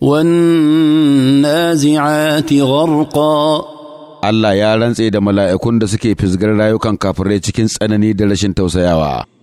والنازعات غرقا Allah ya rantse da mala'ikun da suke fisgar rayukan kafirai cikin tsanani da rashin tausayawa.